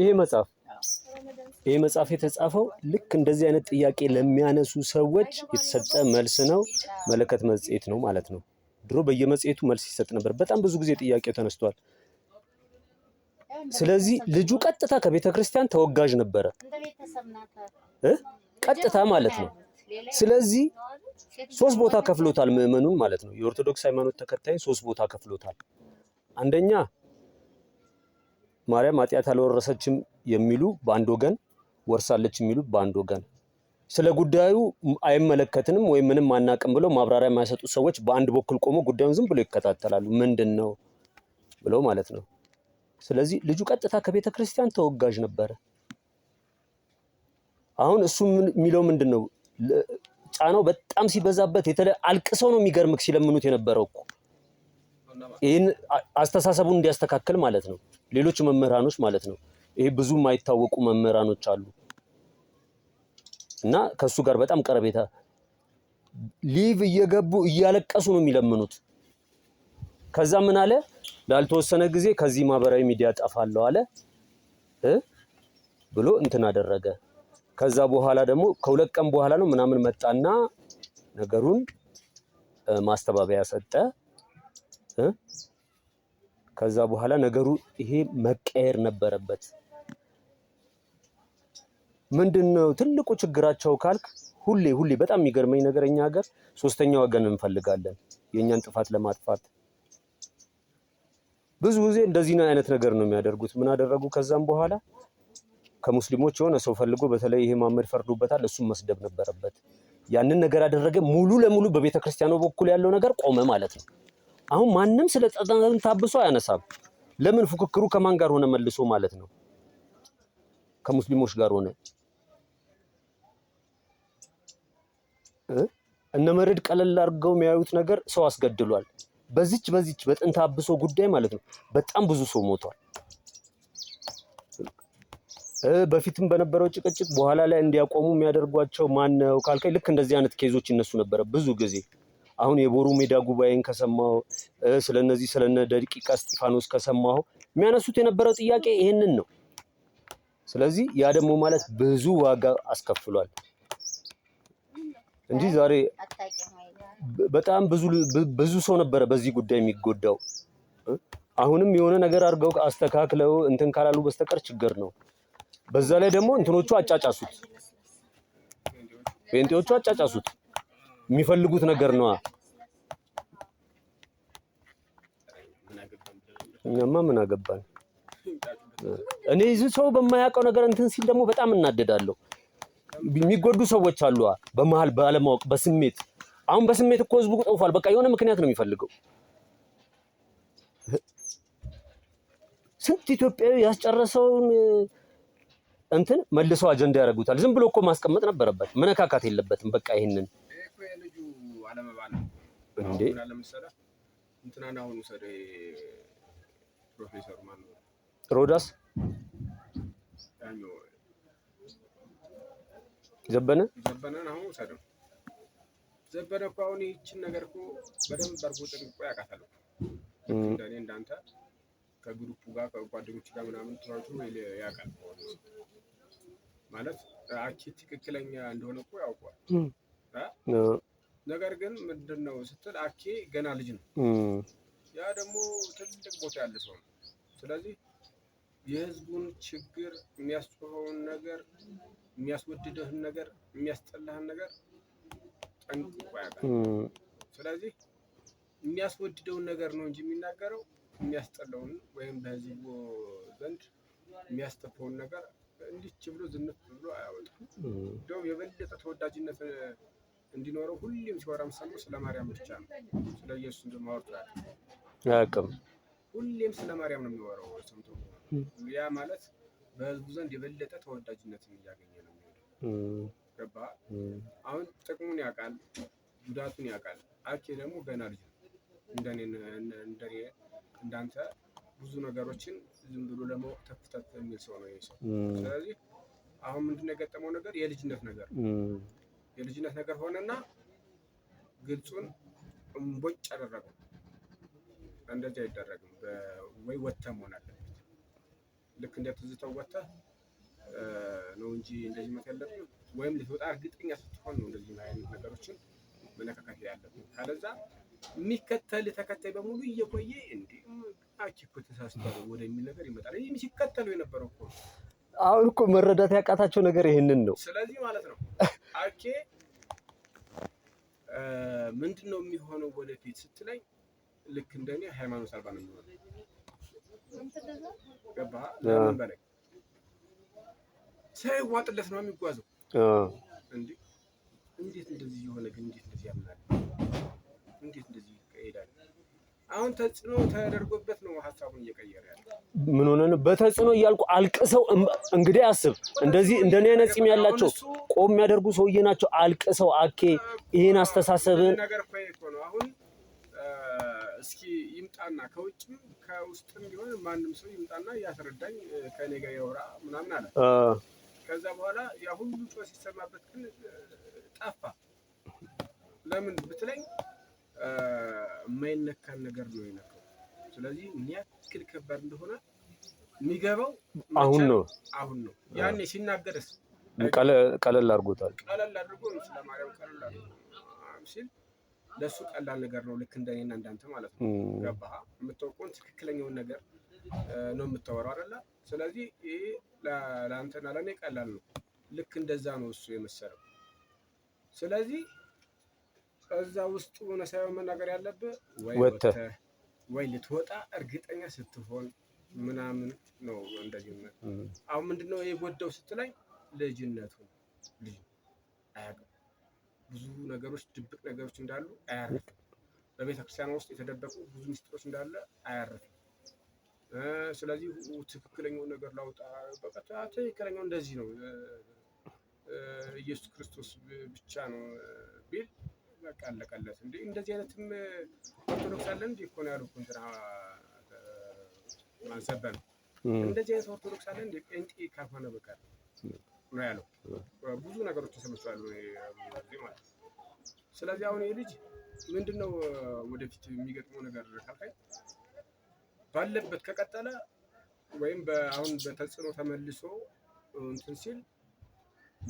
ይሄ መጽሐፍ ይሄ መጽሐፍ የተጻፈው ልክ እንደዚህ አይነት ጥያቄ ለሚያነሱ ሰዎች የተሰጠ መልስ ነው። መለከት መጽሔት ነው ማለት ነው። ድሮ በየመጽሔቱ መልስ ይሰጥ ነበር። በጣም ብዙ ጊዜ ጥያቄው ተነስቷል። ስለዚህ ልጁ ቀጥታ ከቤተ ክርስቲያን ተወጋዥ ነበረ፣ ቀጥታ ማለት ነው። ስለዚህ ሶስት ቦታ ከፍሎታል ምዕመኑን ማለት ነው። የኦርቶዶክስ ሃይማኖት ተከታይ ሶስት ቦታ ከፍሎታል። አንደኛ ማርያም ኃጢአት አልወረሰችም የሚሉ በአንድ ወገን፣ ወርሳለች የሚሉ በአንድ ወገን፣ ስለ ጉዳዩ አይመለከትንም ወይም ምንም አናቅም ብለው ማብራሪያ የማይሰጡ ሰዎች በአንድ በኩል ቆሞ ጉዳዩን ዝም ብሎ ይከታተላሉ። ምንድን ነው ብለው ማለት ነው። ስለዚህ ልጁ ቀጥታ ከቤተ ክርስቲያን ተወጋዥ ነበረ። አሁን እሱ የሚለው ምንድን ነው? ጫናው በጣም ሲበዛበት የተለየ አልቅሰው ነው የሚገርምክ ሲለምኑት የነበረው እኮ ይህን አስተሳሰቡን እንዲያስተካክል ማለት ነው። ሌሎች መምህራኖች ማለት ነው። ይሄ ብዙ የማይታወቁ መምህራኖች አሉ እና ከእሱ ጋር በጣም ቀረቤታ ሊቭ እየገቡ እያለቀሱ ነው የሚለምኑት። ከዛ ምን አለ ላልተወሰነ ጊዜ ከዚህ ማህበራዊ ሚዲያ ጠፋለሁ አለ ብሎ እንትን አደረገ። ከዛ በኋላ ደግሞ ከሁለት ቀን በኋላ ነው ምናምን መጣና ነገሩን ማስተባበያ ሰጠ። ከዛ በኋላ ነገሩ ይሄ መቀየር ነበረበት። ምንድነው ትልቁ ችግራቸው ካልክ፣ ሁሌ ሁሌ በጣም የሚገርመኝ ነገር እኛ ሀገር ሶስተኛ ወገን እንፈልጋለን የእኛን ጥፋት ለማጥፋት። ብዙ ጊዜ እንደዚህ ነው አይነት ነገር ነው የሚያደርጉት። ምን አደረጉ? ከዛም በኋላ ከሙስሊሞች የሆነ ሰው ፈልጎ በተለይ ይሄ መሀመድ ፈርዶበታል፣ እሱም መስደብ ነበረበት። ያንን ነገር አደረገ። ሙሉ ለሙሉ በቤተክርስቲያኑ በኩል ያለው ነገር ቆመ ማለት ነው። አሁን ማንም ስለ ጠጠን ታብሶ አያነሳም። ለምን? ፉክክሩ ከማን ጋር ሆነ? መልሶ ማለት ነው ከሙስሊሞች ጋር ሆነ። እነመረድ ቀለል አድርገው የሚያዩት ነገር ሰው አስገድሏል። በዚች በዚች በጥንታ አብሶ ጉዳይ ማለት ነው በጣም ብዙ ሰው ሞቷል። በፊትም በነበረው ጭቅጭቅ በኋላ ላይ እንዲያቆሙ የሚያደርጓቸው ማን ነው ካልከኝ፣ ልክ እንደዚህ አይነት ኬዞች ይነሱ ነበረ ብዙ ጊዜ። አሁን የቦሩ ሜዳ ጉባኤን ከሰማሁ ስለነዚህ ስለነ ደቂቀ እስጢፋኖስ ከሰማሁ የሚያነሱት የነበረው ጥያቄ ይህንን ነው። ስለዚህ ያ ደግሞ ማለት ብዙ ዋጋ አስከፍሏል እንጂ ዛሬ በጣም ብዙ ብዙ ሰው ነበረ በዚህ ጉዳይ የሚጎዳው። አሁንም የሆነ ነገር አድርገው አስተካክለው እንትን ካላሉ በስተቀር ችግር ነው። በዛ ላይ ደግሞ እንትኖቹ አጫጫሱት፣ ጴንጤዎቹ አጫጫሱት። የሚፈልጉት ነገር ነዋ። እኛማ ምን አገባን? እኔ እዚህ ሰው በማያውቀው ነገር እንትን ሲል ደግሞ በጣም እናደዳለሁ። የሚጎዱ ሰዎች አሉ በመሀል ባለማወቅ በስሜት አሁን በስሜት እኮ ህዝቡ ጠውፏል። በቃ የሆነ ምክንያት ነው የሚፈልገው። ስንት ኢትዮጵያዊ ያስጨረሰውን እንትን መልሰው አጀንዳ ያደርጉታል። ዝም ብሎ እኮ ማስቀመጥ ነበረበት። መነካካት የለበትም። በቃ ይህንን የልጁ አለመባ ነው እንዴ? ለምሳሌ እንትናን አሁን ውሰደ ፕሮፌሰሩ ማን ነው? ሮዳስ ዘበነ ዘበነን አሁን ውሰደው። ዘበነ እኮ አሁን ይህችን ነገር እኮ በደንብ አድርጎ ጥንቅቆ ያውቃታል። እንደኔ እንዳንተ ከግሩፑ ጋር ከጓደኞች ጋር ምናምን ትራቹ ያውቃል ማለት አቺ ትክክለኛ እንደሆነ እኮ ያውቀዋል። ነገር ግን ምንድን ነው ስትል አኬ ገና ልጅ ነው። ያ ደግሞ ትልቅ ቦታ ያለ ሰው ነው። ስለዚህ የህዝቡን ችግር የሚያስጮኸውን ነገር፣ የሚያስወድድህን ነገር፣ የሚያስጠላህን ነገር ጠንቅቆ ያውቃል። ስለዚህ የሚያስወድደውን ነገር ነው እንጂ የሚናገረው የሚያስጠላውን ወይም በህዝቡ ዘንድ የሚያስጠፋውን ነገር እንዲች ብሎ ዝንፍ ብሎ አያወጣም። እንደውም የበለጠ ተወዳጅነት እንዲኖረው ሁሌም ሲወራ የምሰማው ስለ ማርያም ብቻ ነው። ስለ ኢየሱስ እንደማወርት አያውቅም። ሁሌም ስለ ማርያም ነው የሚወራው ሰምቶ ያ ማለት በህዝቡ ዘንድ የበለጠ ተወዳጅነትን እያገኘ ነው የሚሄደው። ገባ አሁን ጥቅሙን ያውቃል፣ ጉዳቱን ያውቃል። አኬ ደግሞ ገና ልጅ እንደኔ እንደኔ እንዳንተ ብዙ ነገሮችን ዝም ብሎ ለማወቅ ተፍተፍ የሚል ሰው ነው ይሄ ሰው። ስለዚህ አሁን ምንድን ነው የገጠመው ነገር የልጅነት ነገር የልጅነት ነገር ሆነና ግልጹን እምቦጭ አደረገው። እንደዚህ አይደረግም። ወይ ወጥተህ መሆን አለበት። ልክ እንደ ትዝታው ወጥተህ ነው እንጂ እንደዚህ መት ያለብን ወይም ልትወጣ እርግጠኛ ስትሆን ነው እንደዚህ አይነት ነገሮችን መነካከት ያለብን። ካለዛ የሚከተል ተከታይ በሙሉ እየቆየ እንዲህ አቺ እኮ ተሳስቷል ወደሚል ነገር ይመጣል። ይህም ሲከተሉ የነበረው እኮ አሁን እኮ መረዳት ያቃታቸው ነገር ይህንን ነው። ስለዚህ ማለት ነው ታኬ ምንድን ነው የሚሆነው ወደፊት ስትለኝ ልክ እንደኔ ሃይማኖት አልባ ነው የሚሆነው። ገባህ? ለምን ሳይዋጥለት ነው የሚጓዘው። እንዴት እንደዚህ የሆነ ግን እንዴት እንደዚህ ያምናል? እንዴት እንደዚህ ይሄዳል? አሁን ተጽዕኖ ተደርጎበት ነው ሀሳቡን እየቀየረ ያለ። ምን ሆነን በተጽዕኖ እያልኩ አልቅሰው እንግዲህ አስብ፣ እንደዚህ እንደኔ አይነት ጺም ያላቸው ቆም የሚያደርጉ ሰውዬ ናቸው። አልቅሰው አኬ ይሄን አስተሳሰብን ነገር እኮ ነው አሁን እስኪ ይምጣና ከውጭም ከውስጥም ቢሆን ማንም ሰው ይምጣና ያስረዳኝ ከኔ ጋር ያወራ ምናምን አለ። ከዛ በኋላ ያ ሁሉ ጮህ ሲሰማበት ግን ጠፋ። ለምን ብትለኝ የማይነካን ነገር ነው የነካው። ስለዚህ ምን ያክል ከባድ እንደሆነ የሚገባው አሁን ነው አሁን ነው። ያኔ ሲናገርስ ቀለል አድርጎታል። ቀለል አድርጎ ነው ስለማርያም ቀለል አድርጎ ሲል ለእሱ ቀላል ነገር ነው። ልክ እንደኔና እንዳንተ ማለት ነው። ገባህ? የምታውቀውን ትክክለኛውን ነገር ነው የምታወራው አይደለ? ስለዚህ ይህ ለአንተና ለእኔ ቀላል ነው። ልክ እንደዛ ነው እሱ የመሰለው። ስለዚህ እዛ ውስጡ ሆነ ሳይሆን መናገር ያለብህ ወጥተህ ወይ ልትወጣ እርግጠኛ ስትሆን ምናምን ነው። እንደዚህ አሁን ምንድነው የጎዳው ስትላይ ልጅነቱ ልጅ ብዙ ነገሮች ድብቅ ነገሮች እንዳሉ አያርፍም። በቤተ ክርስቲያን ውስጥ የተደበቁ ብዙ ምስጢሮች እንዳለ አያርፍም። ስለዚህ ትክክለኛው ነገር ላውጣ፣ በቃ ትክክለኛው እንደዚህ ነው ኢየሱስ ክርስቶስ ብቻ ነው ቢል በቃ አለቀለት። እንደዚህ አይነትም ኦርቶዶክስ አለን እንዲ እኮ ነው እንደዚህ አይነት ኦርቶዶክስ አለን እንዲ ጴንጤ ካልሆነ ነው ያለው። ብዙ ነገሮች ማለት ስለዚህ አሁን ይህ ልጅ ምንድን ነው ወደፊት የሚገጥመው ነገር ካልካኝ ባለበት ከቀጠለ ወይም አሁን በተጽዕኖ ተመልሶ እንትን ሲል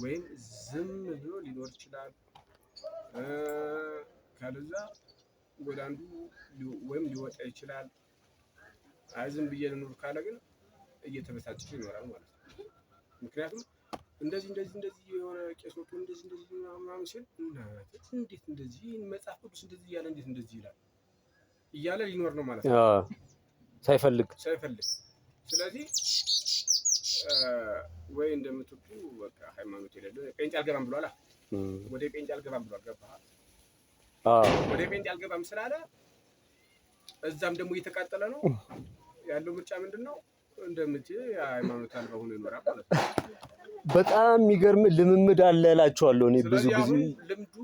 ወይም ዝም ብሎ ሊኖር ይችላል። ካልዛ ወደ አንዱ ወይም ሊወጣ ይችላል። አይ ዝም ብዬ ልኑር ካለ ግን እየተበሳጨ ይኖራል ማለት ነው። ምክንያቱም እንደዚህ እንደዚህ እንደዚህ የሆነ ቄሶቹ እንደዚህ እንደዚህ ምናምን ሲል እንዴት እንደዚህ መጽሐፍ ቅዱስ እንደዚህ እያለ እንዴት እንደዚህ ይላል እያለ ሊኖር ነው ማለት ነው፣ ሳይፈልግ ሳይፈልግ። ስለዚህ ወይ እንደምትሉ በቃ ሃይማኖት የሌለው ቀንጫ አልገባም ብሏላ ወደ ጴንጤ አልገባም ብሎ አልገባም። ወደ ጴንጤ አልገባም ስላለ እዛም ደግሞ እየተቃጠለ ነው ያለው። ምርጫ ምንድን ነው? እንደምት ሃይማኖት አልባ ሆኖ ይኖራል ማለት ነው። በጣም የሚገርም ልምምድ አለ እላቸዋለሁ እኔ ብዙ ጊዜ ልምዱ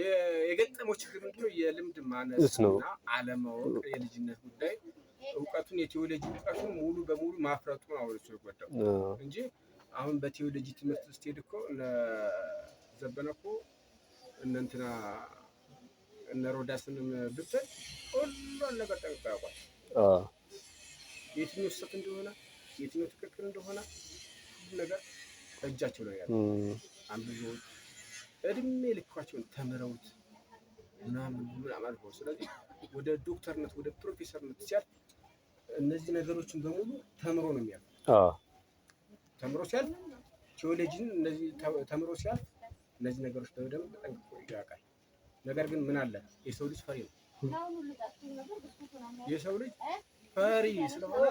የገጠመው ችግር ምንድን ነው? የልምድ ማነስ ነው፣ አለማወቅ፣ የልጅነት ጉዳይ እውቀቱን የቴዎሎጂ እውቀቱን ሙሉ በሙሉ ማፍረጡ ነው አሁን እሱ የጎዳው እንጂ አሁን በቴዎሎጂ ትምህርት ውስጥ እኮ ዘበነ እኮ እነ እንትና እነ ሮዳስንም ብትል ሁሉን ነገር ጠንቅቆ ያውቋል። የትኛው ስህተት እንደሆነ የትኛው ትክክል እንደሆነ ሁሉ ነገር እጃቸው ነው ያለ። አንብቦት እድሜ ልኳቸውን ተምረውት ምናምን ምናምን አድርገው ስለዚህ ወደ ዶክተርነት ወደ ፕሮፌሰርነት ሲያልፍ እነዚህ ነገሮችን በሙሉ ተምሮ ነው የሚያልፍ። ተምሮ ሲያልፍ ቴዎሎጂን እነዚህ ተምሮ ሲያልፍ እነዚህ ነገሮች በደንብ ጠንቅቆ ያውቃል። ነገር ግን ምን አለ የሰው ልጅ ፈሪ ነው። የሰው ልጅ ፈሪ ስለሆነ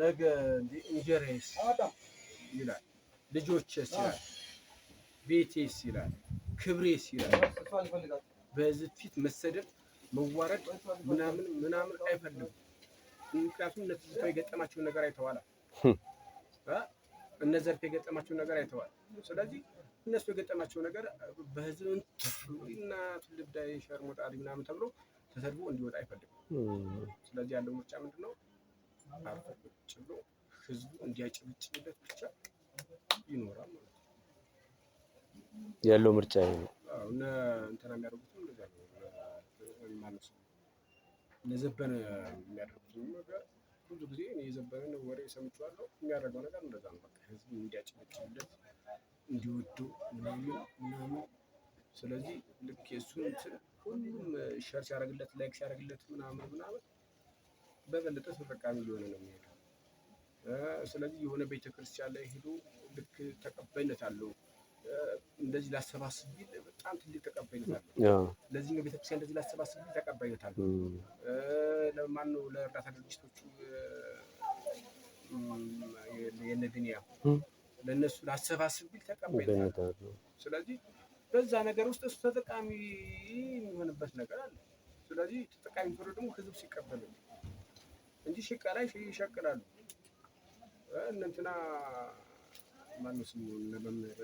ነገ እንጀራዬስ ይላል፣ ልጆቼስ ይላል፣ ቤቴስ ይላል፣ ክብሬስ ይላል። በዚህ ፊት መሰደብ መዋረድ ምናምን ምናምን አይፈልግም። ምክንያቱም እነሱ የገጠማቸውን ነገር አይተዋላ እነዘርፍ የገጠማቸው ነገር አይተዋል። ስለዚህ እነሱ የገጠማቸው ነገር በህዝብ እና ትልብዳይ ሸርሙጣ ምናምን ተብሎ ተሰድቦ እንዲወጣ አይፈልግም። ስለዚህ ያለው ምርጫ ምንድን ነው? ቁጭ ብሎ ህዝቡ እንዲያጨበጭብለት ብቻ ይኖራል ማለት ነው። ያለው ምርጫ ይሄ ነው። እንትና የሚያደርጉትም እንደዚያ ነው። ለዘበን የሚያደርጉትም ነገር ብዙ ጊዜ የዘበረን ወሬ ሰምቼዋለሁ። የሚያደርገው ነገር እንደዛ ነው። በቃ ህዝብ እንዲያጨበጭብለት እንዲወዱ ምናምን ምናምን። ስለዚህ ልክ የእሱን እንትን ሁሉም ሸር ሲያደርግለት ላይክ ሲያደርግለት ምናምን ምናምን በበለጠ ተጠቃሚ እየሆነ ነው የሚሄደው። ስለዚህ የሆነ ቤተክርስቲያን ላይ ሄዶ ልክ ተቀባይነት አለው እንደዚህ ላሰባስብ ቢል በጣም ትልቅ ተቀባይነት አለው። ለዚህ ነው ቤተክርስቲያን እንደዚህ ላሰባስብ ተቀባይነት አለው። ለማን ነው ለእርዳታ ድርጅቶቹ የነ ዱንያ ለእነሱ ላሰባስብ ቢል ተቀባይነት ስለዚህ በዛ ነገር ውስጥ እሱ ተጠቃሚ የሚሆንበት ነገር አለ። ስለዚህ ተጠቃሚ ብሎ ደግሞ ህዝብ ሲቀበል እንጂ ሽቃ ላይ ይሸቅላሉ። እንትና ማነው ስሙ መምህር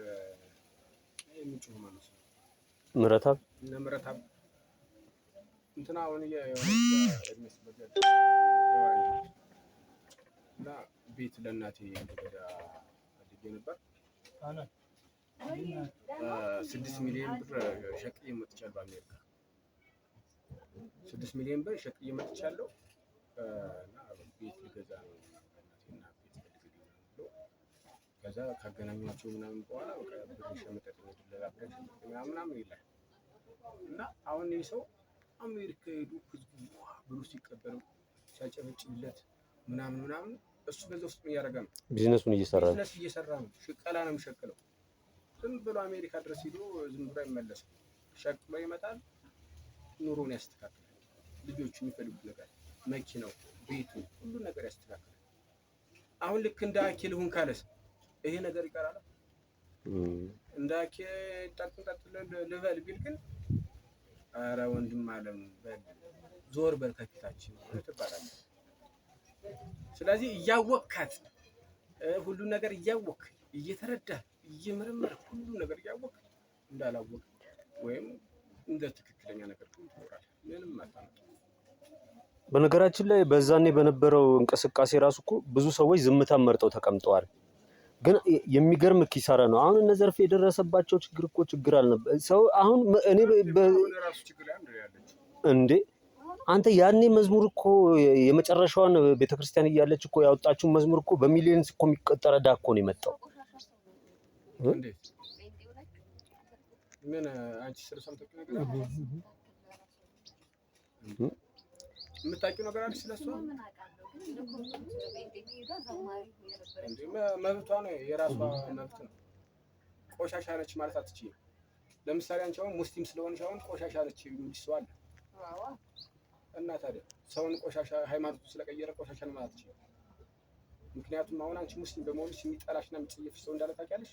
ምረታብ ቤት ለእናቴ አድጌ ነበር። ስድስት ሚሊዮን ብር ሸቅዬ መጥቻለሁ። አሜሪካ ስድስት ሚሊዮን ብር ሸቅዬ መጥቻለሁ እና ቤት ልገዛ ነው ከዛ ካገናኟቸው ምናምን በኋላ በቃ ሸመጠጥ ድለላበት ምናምናም ይላል እና አሁን ይህ ሰው አሜሪካ ሄዱ ህዝቡ ብሎ ሲቀበለው ሲያጨበጭብለት ምናምን ምናምን እሱ በዛ ውስጥ እያደረገ ነው፣ ቢዝነሱን እየሰራ ነው፣ ቢዝነስ እየሰራ ነው። ሽቀላ ነው የሚሸቅለው። ዝም ብሎ አሜሪካ ድረስ ሄዶ ዝም ብሎ አይመለስም። ሸቅሎ ይመጣል፣ ኑሮውን ያስተካክላል፣ ልጆቹ የሚፈልጉት ነገር፣ መኪናው፣ ቤቱ፣ ሁሉ ነገር ያስተካክላል። አሁን ልክ እንደ አኪል ሁን ካለስ ይሄ ነገር ይቀራል። እንዳኬ ጠጥን ጠጥን ልበል ቢል ግን አረ ወንድም አለም ዞር በል ከፊታችን ትባላለህ። ስለዚህ እያወቅካት ሁሉን ነገር እያወቅ እየተረዳ እየመረመር ሁሉ ነገር እያወቅ እንዳላወቅ ወይም እንደ ትክክለኛ ነገር ትኖራለህ። ምንም አታመጣም። በነገራችን ላይ በዛኔ በነበረው እንቅስቃሴ ራሱ እኮ ብዙ ሰዎች ዝምታን መርጠው ተቀምጠዋል። ግን የሚገርም ኪሳራ ነው። አሁን እነ ዘርፍ የደረሰባቸው ችግር እኮ ችግር አልነበረ ሰው አሁን እኔ እንዴ አንተ ያኔ መዝሙር እኮ የመጨረሻዋን ቤተክርስቲያን እያለች እኮ ያወጣችውን መዝሙር እኮ በሚሊዮንስ እኮ የሚቆጠረ ዕዳ እኮ ነው የመጣው። መብቷ ነው፣ የራሷ መብት ነው። ቆሻሻ ነች ማለት አትችይም። ለምሳሌ አንቺ አሁን ሙስሊም ስለሆንሽ አሁን ቆሻሻ ነች የሚል ሰው እና ታዲያ ሰውን ቆሻሻ ሃይማኖቱ ስለቀየረ ቆሻሻ ማለት አትችይም። ምክንያቱም አሁን አንቺ ሙስሊም በመሆንሽ የሚጠላሽና የሚጸየፍሽ ሰው እንዳለ ታውቂያለሽ።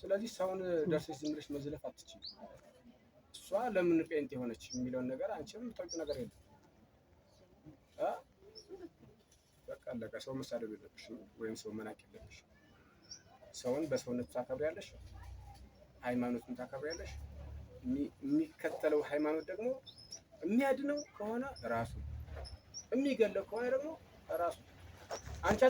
ስለዚህ ሰውን ደርሰሽ ዝም ብለሽ መዝለፍ አትችይም። እሷ ለምን ጴንጤ የሆነች የሚለውን ነገር አንቺ የምታውቂው ነገር የለም። አለቀ። ሰው መሳደብ የለብሽም ወይም ሰው መናቅ የለብሽም። ሰውን በሰውነቱ ታከብሪያለሽ፣ ሃይማኖቱን ታከብሪያለሽ። የሚከተለው ሃይማኖት ደግሞ የሚያድነው ከሆነ ራሱ የሚገለው ከሆነ ደግሞ ራሱ አንቺ